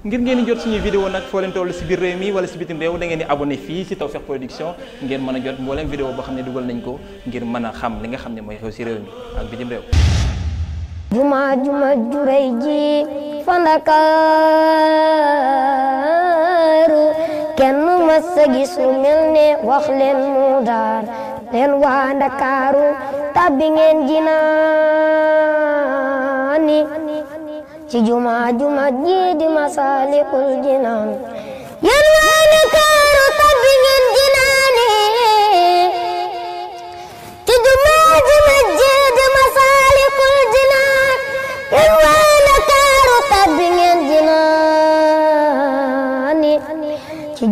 ngir ngeen di jot suñuy vidéo nag foo leen toll si biir réew mi wala si bitim réew da ngeen di abonné fii si Tawfekh Production ngeen mën a jot mbooleem vidéo boo xam ne dugal nañ ko ngir mën a xam li nga xam ne mooy xew si réew mi ak bitim réew juma juma juray ji fandakaaru kenn mas sa mel ne wax leen mu daar leen waa ndakaaru tàbbi ngeen jinaani ci juma juma ji di masalikul jinaan yéen waa Ndakaaru tabbi ci juma juma ji di masalikul jinaan yéen waa Ndakaaru tabbi ngeen jinaane ci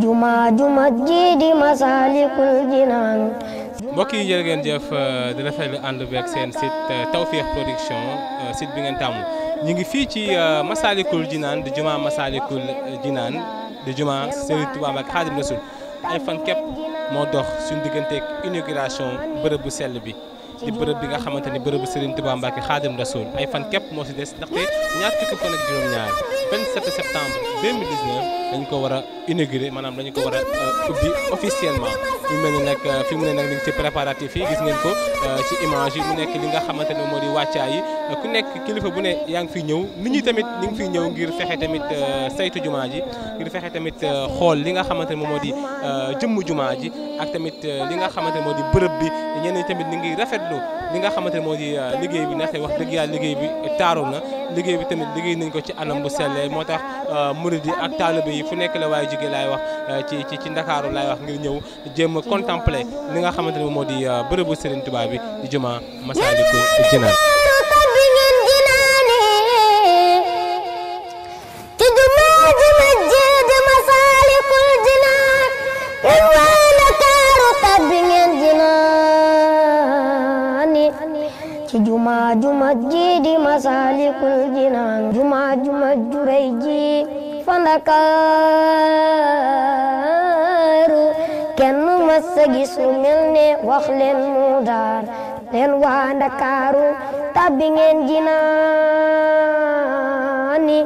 mbokk yi jërë jëf di ànd seen site Production site bi ngeen tàmm ñu ngi fii ci euh, Massalikul Jinaan di juma Massalikul Jinaan di juma Serigne Touba Mbacké Khadimu Rasul ay fan képp moo dox suñu digganteeg inauguration bërëb bu sell bi. di bërëb bi nga xamante ni bërëbu Serigne Touba Mbacke Khadim Rasoul ay fan képp moo si des ndaxte ñaar fukki ko war a inauguré maanaam dañu ko war euh, euh, fi gis ngeen ko euh, ci image yi mu nekk li nga xamante ne moo di wàccaa yi ku nekk kilifa bu ne yaa ngi fiy ñëw nit ñi tamit ñu ngi fiy ñëw ngir fexe tamit saytu jumaa ji ngir fexe tamit xool li nga xamante ne moom moo di jëmm jumaa ji ak tamit li nga xamante moo di bërëb bi ñenn tamit ñu ngi rafet rafetlu li nga xamante moo di euh, liggéey bi ndaxte wax dëgg yàlla liggéey bi taaru na liggéey bi tamit liggéey nañ ko ci anam bu sellee moo tax euh, murid yi ak taalibe yi fu nekk la waaye jigéen laay wax euh, ci ci ci ndakaaru laay wax ngir ñëw jéem a contempler li nga xamante ne moo di bërëbu Serigne Touba bi di jumaa Masaalikul Jinaan ci jumaa jumaa ji di masalikul jinaan jumaa jumaa juray ji fa Ndakaaru kenn masa gis mel ne wax leen mu daar leen waa Ndakaaru tabbi jinaani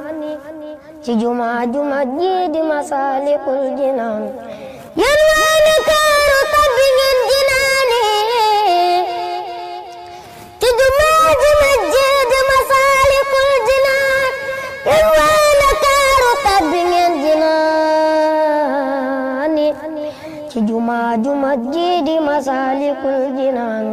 ci jumaa jumaa ji di masalikul jinaan yéen waa Ndakaaru ما جمت جيدي مسالك الجنان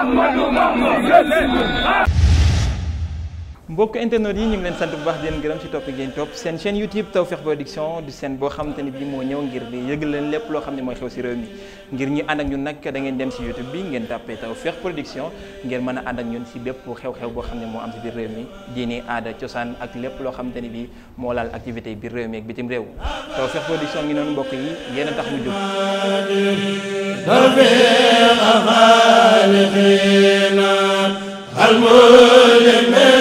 Ahmadou Mamoun mbokk internet yi ñu ngi leen sant bu baax di leen gërëm ci topp ngeen topp seen chaîne YouTube Tawfekh Production du seen boo xamante ni bii moo ñëw ngir di leen lépp loo xam ne mooy xew ci réew mi ngir ñu ànd ak ñun nag da ngeen dem ci YouTube bi ngeen tàppee Tawfekh Production ngeen mën a ànd ak ñun ci bépp xew-xew boo xam ne moo am ci biir réew mi diini aada cosaan ak lépp loo xamante ne bii moo laal activité biir réew mi ak bitim réew Tawfekh Production ngi noonu mbokk yi yéen a tax